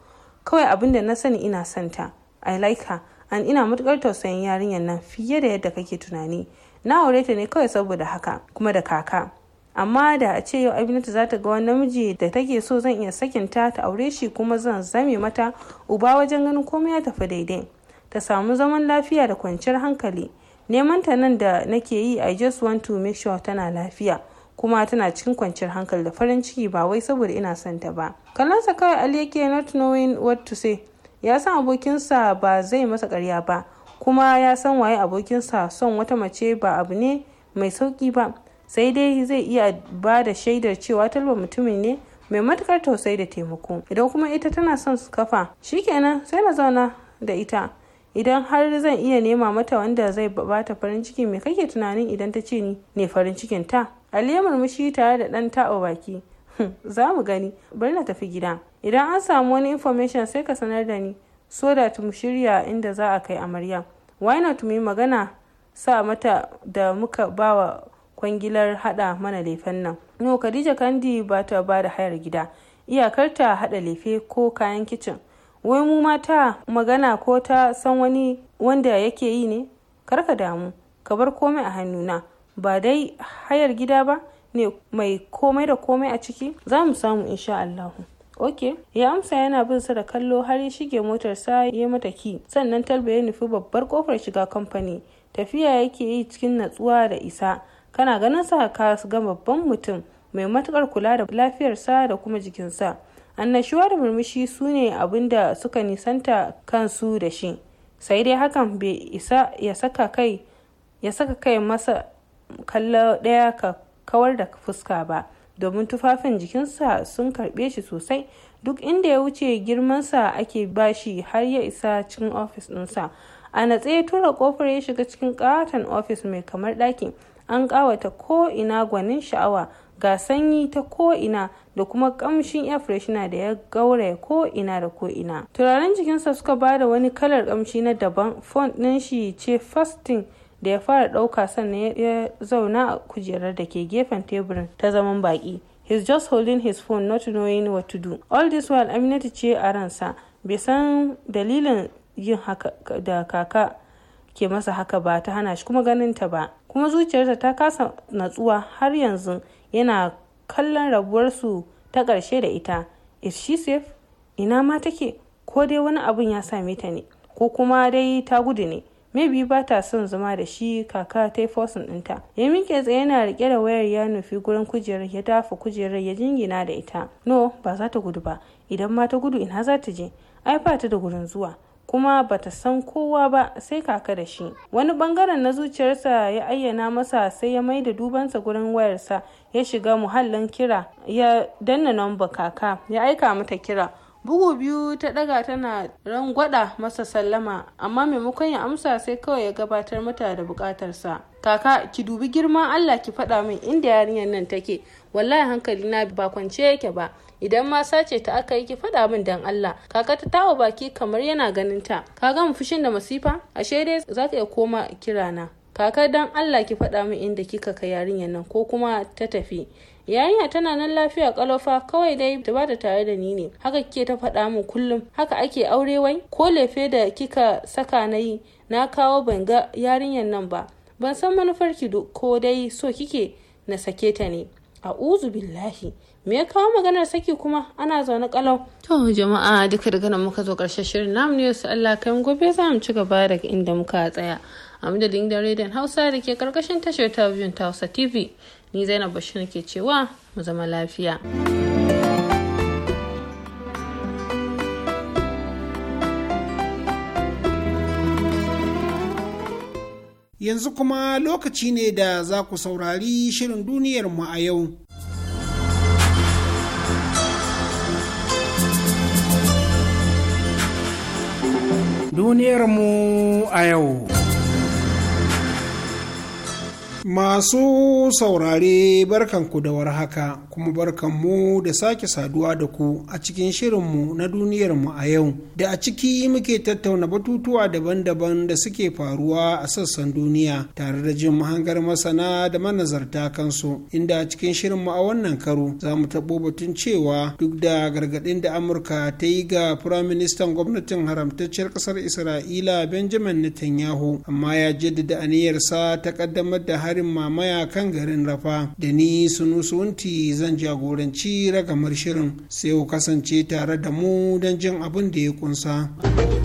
kawai abin da na sani ina santa i like her and ina matukar tausayin yarinyar nan fiye da yadda kake tunani na aure ta ne kawai saboda haka kuma da kaka amma da a ce yau abinatu za ta ga wani namiji da take so zan iya sakin ta ta aure shi kuma zan zame mata uba wajen ganin komai ya tafi daidai ta samu zaman lafiya da kwanciyar hankali neman ta nan da nake yi i just want to make sure tana lafiya kuma tana cikin kwanciyar hankali da farin ciki ba wai saboda ina son ta ba kallonsa kawai ali yake not knowing what to say ya san abokinsa ba zai masa karya ba kuma ya san waye abokinsa son wata mace ba abu ne mai sauki ba sai dai zai iya ba da shaidar cewa talba mutumin ne mai matukar tausayi da taimako idan kuma ita tana son su kafa kenan sai na zauna da ita idan har zan iya nema mata wanda zai bata farin ciki mai kake tunanin idan ta ce ni ne farin cikin ta aliyu murmushi tare da dan taɓa baki hm, za mu gani bari na tafi gida idan an samu wani information sai ka sanar da ni so da mu shirya inda za a kai amarya why not mu yi magana sa mata da muka bawa kwangilar hada mana lefen nan no khadija kandi ba ta ba da hayar gida iyakar ta hada lefe ko kayan kicin wai mu mata magana ko ta san wani wanda yake yi ne karka damu ka bar komai a hannuna ba dai hayar gida ba ne mai komai da komai a ciki za mu samu insha Allahu. ok ya amsa yana bin sa da kallo har ya shige motarsa ya mata ki sannan talba ya nufi babbar kofar shiga kamfani tafiya yake yi cikin natsuwa da isa kana ganin sa ka ga babban mutum mai matukar kula da lafiyar sa da kuma jikin sa annashuwa da murmushi su ne abin da suka nisanta kansu da shi sai dai hakan bai isa ya saka kai ya saka kai masa kallo ɗaya ka kawar da fuska ba domin tufafin jikinsa sun karɓe shi sosai duk inda ya wuce girman sa ake bashi har ya isa cikin ofis ɗinsa a natse tura kofar ya shiga cikin katon ofis mai kamar ɗaki an ƙawata ina gwanin sha'awa ga sanyi ta ko'ina da kuma kamshin air freshener da ya ko ina da ko ina. turaren jikinsa suka ba da wani kalar kamshi na daban font ɗin shi ce fasting da ya fara ɗauka sannan ya zauna a kujerar da ke gefen teburin ta zaman baƙi he's just holding his phone not knowing what to do all this while aminatu ce a ransa bai san dalilin yin haka da kaka ke masa haka ba ta hana shi kuma ganin ta ba kuma zuciyarta ta kasa natsuwa har yanzu yana kallon rabuwarsu ta ƙarshe da ita is she safe ina ma take ko dai wani abun ya same ta ne ko kuma dai ta gudu ne maybe ba ta son zama da shi kaka ta yi fosin ɗinta ya miƙe tsaye yana riƙe da wayar ya nufi gurin kujerar ya dafa kujerar ya jingina da ita no ba za ta gudu ba idan ma ta gudu ina za ta je ai ba ta da gurin zuwa kuma ba ta san kowa ba sai kaka da shi wani bangaren na zuciyarsa ya ayyana masa sai ya mai da dubansa gurin wayarsa ya shiga muhallin kira ya danna namba kaka ya aika mata kira bugu biyu ta daga tana rangwada masa sallama amma maimakon ya amsa sai kawai ya gabatar mata da bukatarsa kaka ki dubi girman allah ki faɗa min inda yarinyar nan take wallahi hankali na ba kwance yake ba idan ma sace ta aka yi ki faɗa min dan Allah kaka ta tawa baki kamar yana ganin ta ka ga fushin da masifa ashe dai za ka iya koma kira na kaka dan Allah ki faɗa min inda kika ka yarinyar nan ko kuma ta tafi yarinya tana nan lafiya kalofa kawai dai ta bata tare da ni ne haka kike ta faɗa min kullum haka ake aure wai ko lefe da kika saka na yi na kawo ban ga yarinyar nan ba ban san manufar ki ko dai so kike na sake ta ne a billahi me ya kawo maganar saki kuma ana zaune kalau to jama'a duka daga nan muka zo karshen shirin namu ne su Allah kai gobe za mu ci gaba da inda muka tsaya a madadin da rediyon hausa da ke karkashin tashar talabijin ta hausa tv ni zainab bashir ke cewa mu zama lafiya. yanzu kuma lokaci ne da za ku saurari shirin duniyar mu a yau. duniyarmu a yau. Masu saurare ku da haka kuma barkanmu da sake saduwa da ku a cikin shirinmu na duniyarmu a yau da a ciki muke tattauna batutuwa daban-daban da suke faruwa a sassan duniya tare da jin mahangar masana da manazarta kansu inda a cikin shirinmu a wannan karo za mu taɓo batun cewa duk da gargaɗin da Amurka ta yi ga Firaministan gwamnatin haramtacciyar ƙasar Isra'ila Benjamin Netanyahu amma ya jaddada aniyarsa ta ƙaddamar da harin mamaya kan garin rafa da ni sunusunti zan jagoranci ragamar shirin sai ku kasance tare da mu don jin abin da ya kunsa.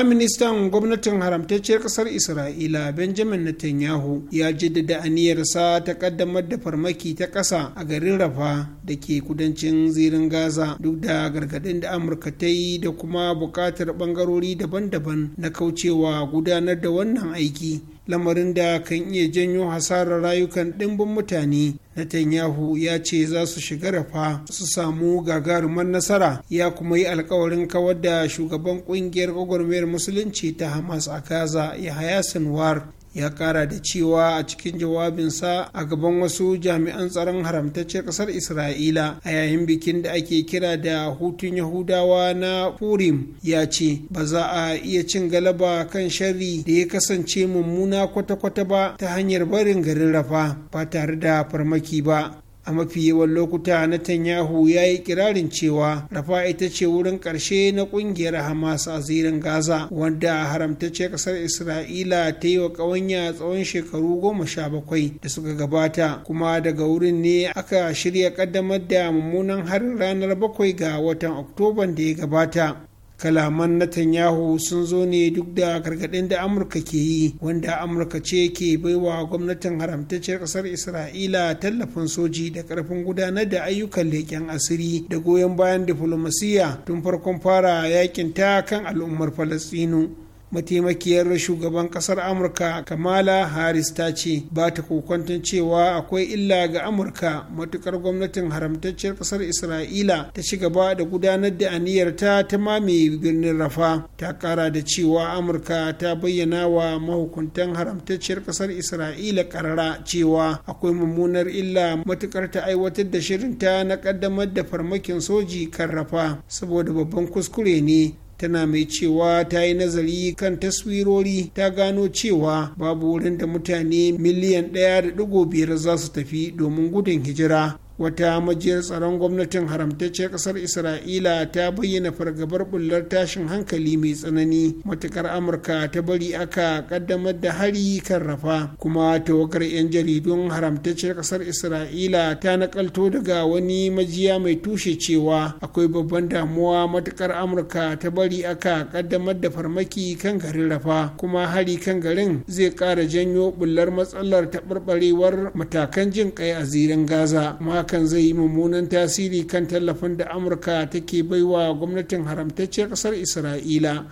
Firaministan gwamnatin haramtacciyar ƙasar Isra'ila Benjamin Netanyahu ya jaddada aniyarsa ta ƙaddamar da farmaki ta ƙasa a garin Rafa da ke kudancin zirin Gaza duk da gargaɗin da Amurka ta yi da kuma buƙatar ɓangarori daban-daban na kaucewa gudanar da wannan aiki. lamarin da kan iya janyo hasarar rayukan ɗimbin mutane Netanyahu ya ce za su shiga rafa su samu gagarumar nasara ya kuma yi alkawarin kawar da shugaban kungiyar gwagwarmayar musulunci ta Hamas a Gaza Yahaya Sinwar ya kara da cewa a cikin jawabinsa a gaban wasu jami'an tsaron haramtaccen ƙasar isra'ila a yayin bikin da ake kira da hutun yahudawa na purim ya ce ba za a iya cin galaba kan sharri da ya kasance mummuna kwata-kwata ba ta hanyar barin garin rafa ba tare da farmaki ba a mafi yawan lokuta Netanyahu ya yi kirarin cewa rafa ita ce wurin ƙarshe na ƙungiyar Hamas a zirin Gaza wanda haramtacce ƙasar Isra'ila ta yi wa ƙawanya tsawon shekaru goma sha bakwai da suka gabata kuma daga wurin ne aka shirya ƙaddamar da mummunan harin ranar bakwai ga watan Oktoban da ya gabata kalaman Netanyahu sun zo ne duk da gargaɗin da Amurka ke yi wanda Amurka ce ke baiwa gwamnatin haramtacciyar ƙasar Isra'ila tallafin soji da ƙarfin gudanar da ayyukan leƙen asiri da goyon bayan diflomasiyya tun farkon fara yakin ta kan al'ummar Falasɗinu. mataimakiyar shugaban kasar amurka kamala harris ta ce ba ta kokwanton cewa akwai illa ga amurka matukar gwamnatin haramtacciyar kasar isra'ila ta ci gaba da gudanar da aniyarta ta mame birnin rafa ta kara da cewa amurka ta bayyana wa mahukuntan haramtacciyar kasar isra'ila karara cewa akwai mummunar illa matukar ta aiwatar da shirinta na kaddamar da farmakin soji kan rafa saboda babban kuskure ne tana mai cewa ta yi nazari kan taswirori ta gano cewa babu wurin da mutane miliyan ɗaya da ɗigo biyar za su tafi domin gudun hijira wata majiyar tsaron gwamnatin haramtacce kasar isra'ila ta bayyana fargabar bullar tashin hankali mai tsanani matukar amurka ta bari aka kaddamar da hari kan rafa kuma tawagar 'yan jaridun haramtacce kasar isra'ila ta nakalto daga wani majiya mai tushe cewa akwai babban damuwa matukar amurka ta bari aka kaddamar da farmaki kan garin rafa kuma hari kan garin zai kara janyo bullar matsalar taɓarɓarewar matakan jin kai a zirin gaza hakan zai yi mummunan tasiri kan tallafin da amurka take baiwa gwamnatin haramtacciyar ƙasar isra'ila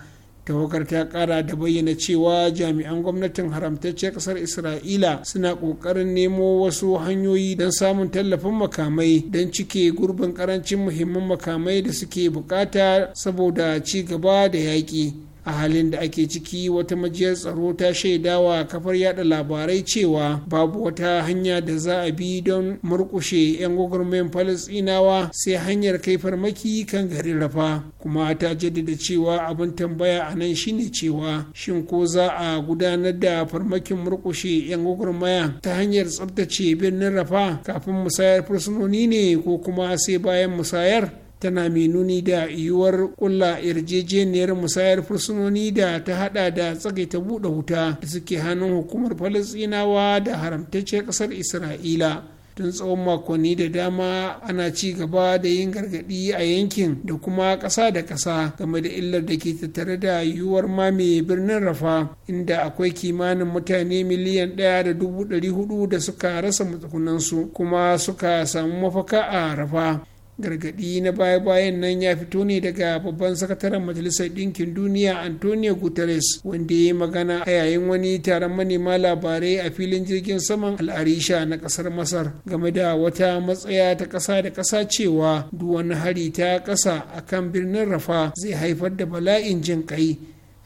tawakar ta kara da bayyana cewa jami'an gwamnatin haramtacciyar kasar isra'ila suna kokarin nemo wasu hanyoyi don samun tallafin makamai don cike gurbin karancin muhimman makamai da suke bukata saboda ci gaba da yaƙi a halin da ake ciki wata majiyar tsaro ta shaidawa kafar yada labarai cewa babu wata hanya da za a bi don murkushe 'yan gwagwarmayan falasinawa sai hanyar kai farmaki kan garin rafa kuma ta jaddada cewa abin tambaya a nan shine cewa shin ko za a gudanar da farmakin murkushe 'yan gwagwarmaya ta hanyar tsabtace birnin rafa kafin musayar fursunoni ne ko kuma sai bayan musayar tana mai nuni da yiwuwar kulla yarjejeniyar musayar fursunoni da ta hada da tsagaita buɗe wuta da suke hannun hukumar falasinawa da haramtacce ƙasar isra'ila tun tsawon makonni da dama ana ci gaba da yin gargaɗi a yankin da kuma ƙasa da ƙasa game da illar da ke tattare da yiwuwar mame birnin rafa inda akwai kimanin mutane miliyan ɗaya da dubu ɗari hudu da suka rasa matsugunansu kuma suka samu mafaka a rafa gargadi na baya-bayan nan ya fito ne daga babban sakataren majalisar ɗinkin duniya antonio guterres wanda ya yi magana a yayin wani taron manema labarai a filin jirgin saman al'arisha na ƙasar masar game da wata matsaya ta ƙasa da ƙasa cewa duk hari ta ƙasa akan birnin rafa zai haifar da bala'in jin ƙai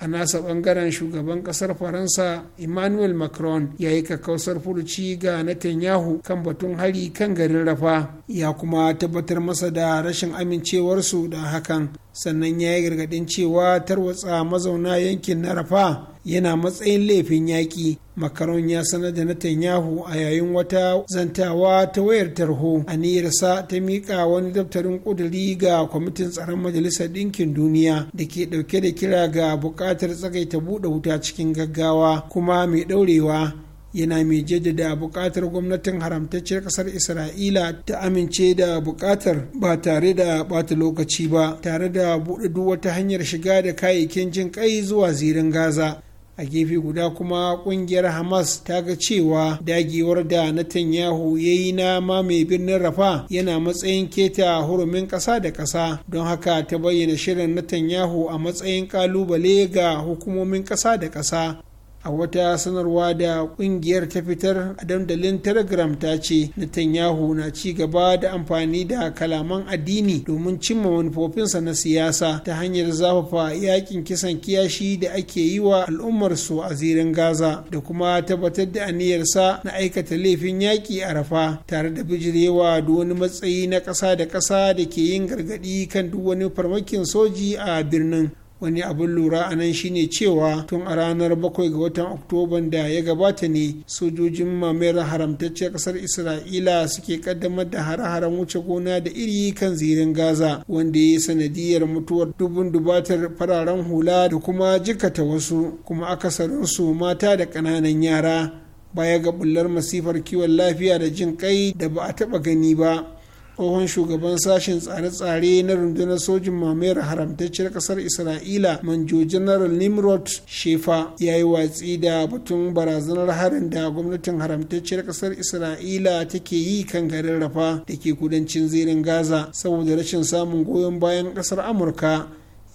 a nasa bangaren shugaban kasar faransa emmanuel macron ya yi kakkausar furuci ga netanyahu kan batun hari kan garin rafa ya kuma tabbatar masa da rashin amincewarsu da hakan sannan ya yi gargadin cewa tarwatsa mazauna yankin na rafa yana matsayin laifin yaƙi makaron ya sanar da Netanyahu a yayin wata zantawa ta wayar tarho a niyarsa ta miƙa wani daftarin ƙuduri ga kwamitin tsaron majalisar ɗinkin duniya da ke ɗauke da kira ga buƙatar tsagaita buɗe wuta cikin gaggawa kuma mai ɗaurewa yana mai jaddada buƙatar gwamnatin haramtacciyar ƙasar isra'ila ta amince da buƙatar ba tare da ɓata lokaci ba tare da buɗe duk wata hanyar shiga da kayayyakin jin ƙai zuwa zirin gaza a gefe guda kuma kungiyar hamas ta ga cewa dagewar da netanyahu ya yi na mame birnin rafa yana matsayin keta hurumin ƙasa da ƙasa don haka ta bayyana shirin netanyahu a matsayin ƙalubale ga hukumomin ƙasa da ƙasa a wata sanarwa da kungiyar ta fitar a dandalin telegram ta ce netanyahu na ci gaba da amfani da kalaman addini domin cimma manufofinsa na siyasa ta hanyar zafafa yakin kisan kiyashi da ake yi wa al'ummarsu a zirin gaza da kuma tabbatar da aniyarsa na aikata laifin yaƙi a rafa tare da bijirewa da wani matsayi na ƙasa da ƙasa da ke yin gargaɗi kan duk wani farmakin soji a birnin wani abin lura a nan shine cewa tun a ranar 7 ga watan oktoban da ya gabata ne sojojin mamayar haramtacciyar kasar isra'ila suke kaddamar da hare-haren wuce gona da iri kan zirin gaza wanda ya yi sanadiyar mutuwar dubun dubatar fararen hula da kuma jikata wasu kuma akasarin su mata da ƙananan yara baya ga bullar masifar kiwon lafiya da jin kai da ba a taɓa gani ba tsohon shugaban sashen tsare-tsare na rundunar sojin mamayar haramtacciyar kasar isra'ila manjo general nimrod shefa ya yi watsi da batun barazanar harin da gwamnatin haramtacciyar kasar isra'ila take yi kan garin rafa da ke kudancin zirin gaza saboda rashin samun goyon bayan kasar amurka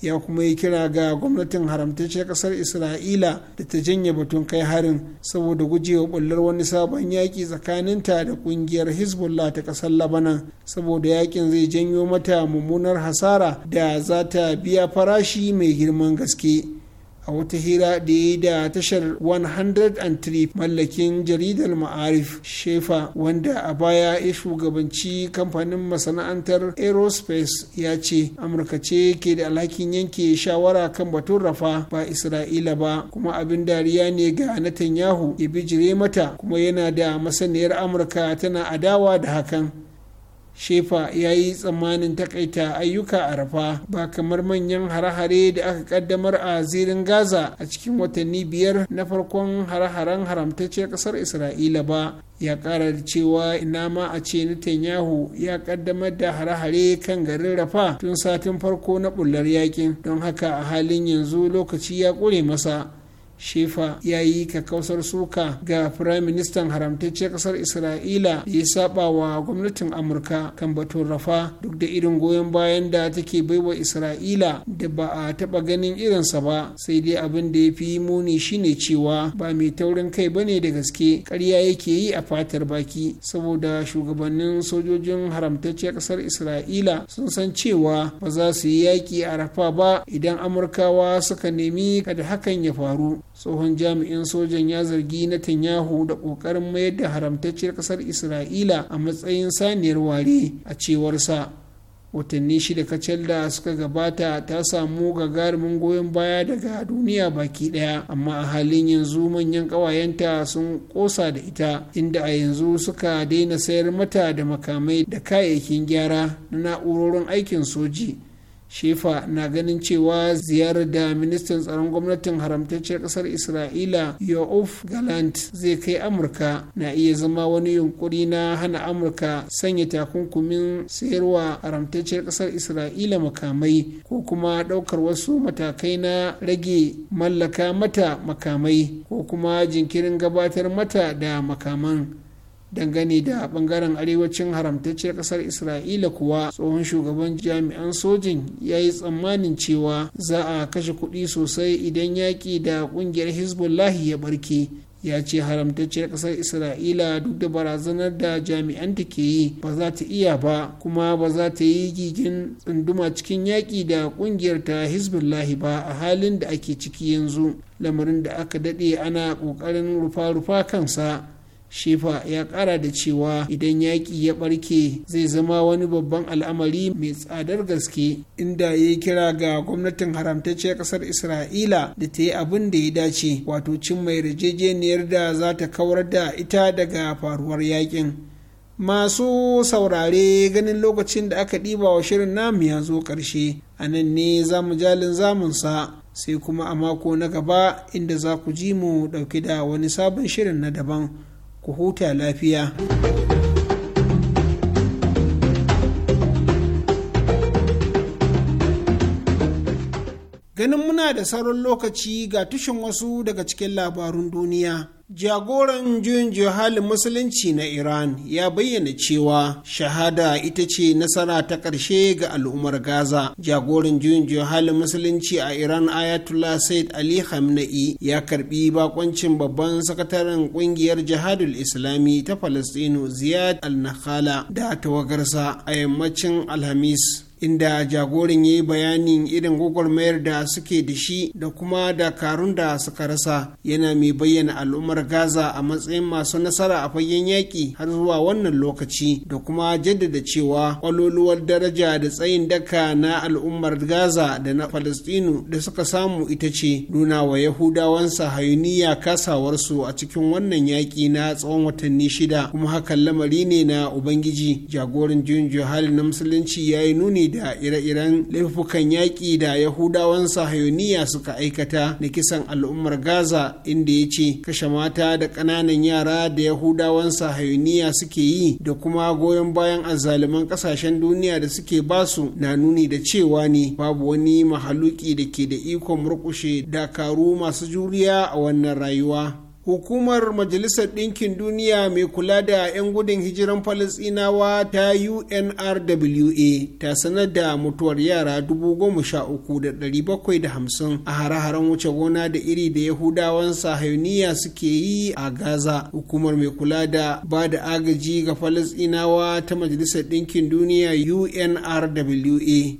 ya kuma yi kira ga gwamnatin haramtacciyar kasar isra'ila da ta janye batun kai harin saboda gujewa bullar wani sabon yaƙi tsakaninta da ƙungiyar hezbollah ta ƙasar labanan saboda yaƙin zai janyo mata mummunar hasara da za ta biya farashi mai girman gaske a wata hira da ya yi da tashar 103 mallakin jaridar ma'arif shefa wanda a baya ya shugabanci kamfanin masana'antar aerospace ya ce amurka ce ke da alhakin yanke shawara kan batun rafa ba isra'ila ba kuma abin dariya ne ga netanyahu ya bijire mata kuma yana da masaniyar amurka tana adawa da hakan shefa ya yi tsammanin takaita ayyuka a rafa ba kamar manyan hare-hare da aka kaddamar a zirin gaza a cikin watanni biyar na farkon hare-haren haramtacciyar kasar isra'ila ba ya kara da cewa ina ma a ce Netanyahu ya kaddamar da hare-hare kan garin rafa tun satin farko na bullar yakin don haka a halin yanzu lokaci ya kure masa shefa ya yi kakkausar suka ga firayim ministan haramtacce kasar isra'ila da ya saba wa gwamnatin amurka kan batun rafa duk da irin goyon bayan da take baiwa isra'ila da ba a taba ganin irinsa ba sai dai abin da ya fi muni shine cewa ba mai taurin kai bane da gaske karya yake yi a fatar baki saboda shugabannin sojojin haramtacce kasar isra'ila sun san cewa ba za su yi yaƙi a rafa ba idan amurkawa suka nemi kada hakan ya faru tsohon jami'in sojan ya zargi na Netanyahu da ƙoƙarin mayar da haramtacciyar ƙasar Isra'ila a matsayin saniyar ware a cewarsa. watanni shida kacal da suka gabata ta samu gagarumin goyon baya daga duniya baki ɗaya. amma a halin yanzu manyan ƙawayenta sun kosa da ita inda a yanzu suka daina sayar mata da makamai da kayayyakin gyara na na'urorin aikin soji shefa na ganin cewa ziyarar da ministan tsaron gwamnatin haramtacciyar kasar isra'ila yo'uf galant zai kai amurka na iya zama wani yunkuri na hana amurka sanya takunkumin sayarwa haramtacciyar kasar isra'ila makamai ko kuma ɗaukar wasu matakai na rage mallaka mata makamai ko kuma jinkirin gabatar mata da makaman dangane da bangaren arewacin haramtacciyar kasar isra'ila kuwa tsohon shugaban jami'an sojin ya yi tsammanin cewa za a kashe kuɗi sosai idan yaƙi da ƙungiyar hezbollah ya barke ya ce haramtacciyar ƙasar isra'ila duk da barazanar da jami'anta ke yi ba za ta iya ba kuma ba za ta yi gigin tsunduma cikin yaƙi da ƙungiyar ta hezbollah ba a halin da ake ciki yanzu lamarin da aka daɗe ana ƙoƙarin rufa-rufa kansa shefa ya kara da cewa idan yaƙi ya ɓarke zai zama wani babban al'amari mai tsadar gaske inda ya kira ga gwamnatin haramtacciyar ƙasar isra'ila da ta yi abin da ya dace wato cin mai yarjejeniyar da za ta kawar da ita daga faruwar yaƙin masu saurare ganin lokacin da aka ɗiba wa shirin namu ya zo ƙarshe a nan ne za mu jalin zamunsa sai kuma a mako na gaba inda za ku ji mu ɗauki da wani sabon shirin na daban ku huta lafiya ganin muna da sauran lokaci ga tushen wasu daga cikin labarun duniya Jagoran juyin juhalin Musulunci na Iran ya bayyana cewa shahada ita ce nasara ta ƙarshe ga al'ummar Gaza. Jagoran juyin halin Musulunci a Iran Ayatollah Said Ali Khamenei ya karbi bakoncin babban sakataren ƙungiyar jihadul Islami ta Falastinu Ziyad al-Nakhala da tawagarsa a yammacin Alhamis. inda jagoran ya yi bayanin irin gwagwarmayar da suke da shi da kuma dakarun da suka rasa yana mai bayyana al'ummar gaza a matsayin masu nasara a fagen yaƙi har zuwa wannan lokaci da kuma jaddada cewa kwaloluwar daraja da tsayin daka na al'ummar gaza da na falastinu da suka samu ita ce nuna wa Yahudawansa sahayuniya kasawarsu a cikin wannan yaƙi na tsawon watanni shida kuma hakan lamari ne na ubangiji jagoran juyin juhali na musulunci ya yi nuni da ire-iren laifukan yaƙi da yahudawan sahayoniya suka aikata na kisan al'ummar gaza inda ya ce kashe mata da ƙananan yara da yahudawan sahayoniya suke yi da kuma goyon bayan azzaluman ƙasashen duniya da suke basu na nuni da cewa ne babu wani mahaluki da ke da ikon murƙushe dakaru masu juriya a wannan rayuwa hukumar majalisar ɗinkin duniya mai kula da 'yan gudun hijiran falasinawa ta unrwa ta sanar da mutuwar yara 13,750 a hare-haren wuce gona da iri da yahudawan sahayuniya suke yi a gaza hukumar mai kula da ba da agaji ga falasinawa ta majalisar ɗinkin duniya unrwa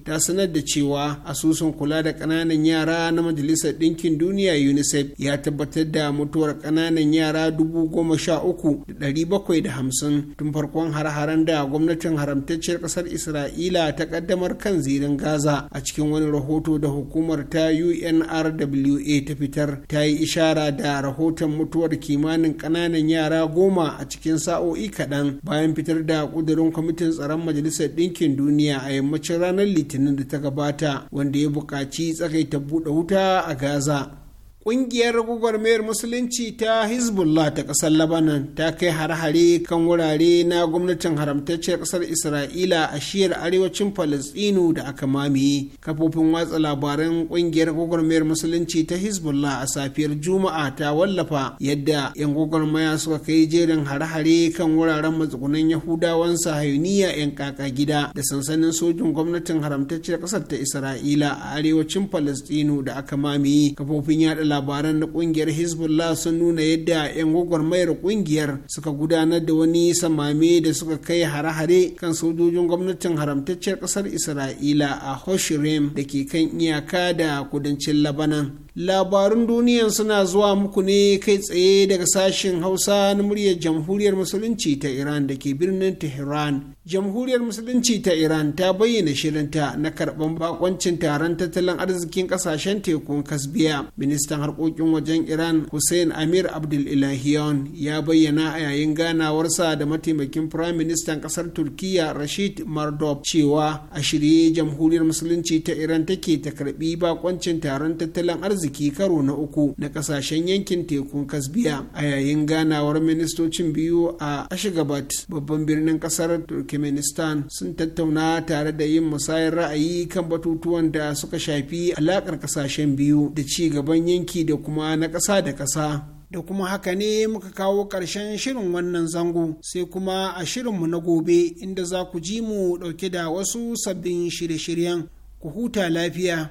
ta sanar da cewa asusun kula da ƙananan yara na majalisar ɗinkin duniya unicef ya tabbatar da mutuwar ƙananan ƙananan yara dubu goma sha uku da ɗari bakwai da hamsin tun farkon har-haren da gwamnatin haramtacciyar ƙasar isra'ila ta ƙaddamar kan zirin gaza a cikin wani rahoto da hukumar ta unrwa ta fitar ta yi ishara da rahoton mutuwar kimanin ƙananan yara goma a cikin sa'o'i kaɗan bayan fitar da ƙudurin kwamitin tsaron majalisar ɗinkin duniya a yammacin ranar litinin da ta gabata wanda ya buƙaci tsagaita buɗe wuta a gaza Ƙungiyar gwagwarmayar Musulunci ta Hezbollah ta ƙasar Labanan ta kai har-hare kan wurare na gwamnatin haramtacciyar ƙasar Isra'ila a shiyar arewacin Falasɗinu da aka mamaye. Kafofin watsa labaran ƙungiyar gwagwarmayar Musulunci ta Hezbollah a safiyar Juma'a ta wallafa yadda 'yan gwagwarmaya suka kai jerin har-hare kan wuraren matsugunan Yahudawan Sahayuniya 'yan kaka gida da sansanin sojin gwamnatin haramtacciyar ƙasar ta Isra'ila a arewacin Falasɗinu da aka mamaye. Kafofin yaɗa labaran na kungiyar hezbollah sun nuna yadda 'yan gwagwarmayar kungiyar suka gudanar da wani samame da suka kai hare-hare kan sojojin gwamnatin haramtacciyar kasar isra'ila a hoshirim da ke kan iyaka da kudancin labanan labarun duniya suna zuwa muku ne kai tsaye daga sashen hausa na muryar jamhuriyar musulunci ta iran da ke birnin tehran jamhuriyar musulunci ta iran ta bayyana shirinta na karban bakoncin taron tattalin arzikin kasashen tekun kasbiya ministan harkokin wajen iran hussein amir abdul ilahiyon ya bayyana a yayin ganawarsa da mataimakin firayim ministan kasar turkiya rashid mardob cewa a shirye jamhuriyar musulunci ta iran take ta karbi bakoncin taron tattalin arziki arziki karo na uku na kasashen yankin tekun kasbiya a yayin ganawar ministocin biyu a ashgabat babban birnin kasar turkmenistan sun tattauna tare da yin musayar ra'ayi kan batutuwan da suka shafi alakar kasashen biyu da ci gaban yanki da kuma na ƙasa da ƙasa da kuma haka ne muka kawo ƙarshen shirin wannan zango sai kuma a shirinmu na gobe inda za ku ji mu ɗauke da wasu sabbin shirye-shiryen ku huta lafiya.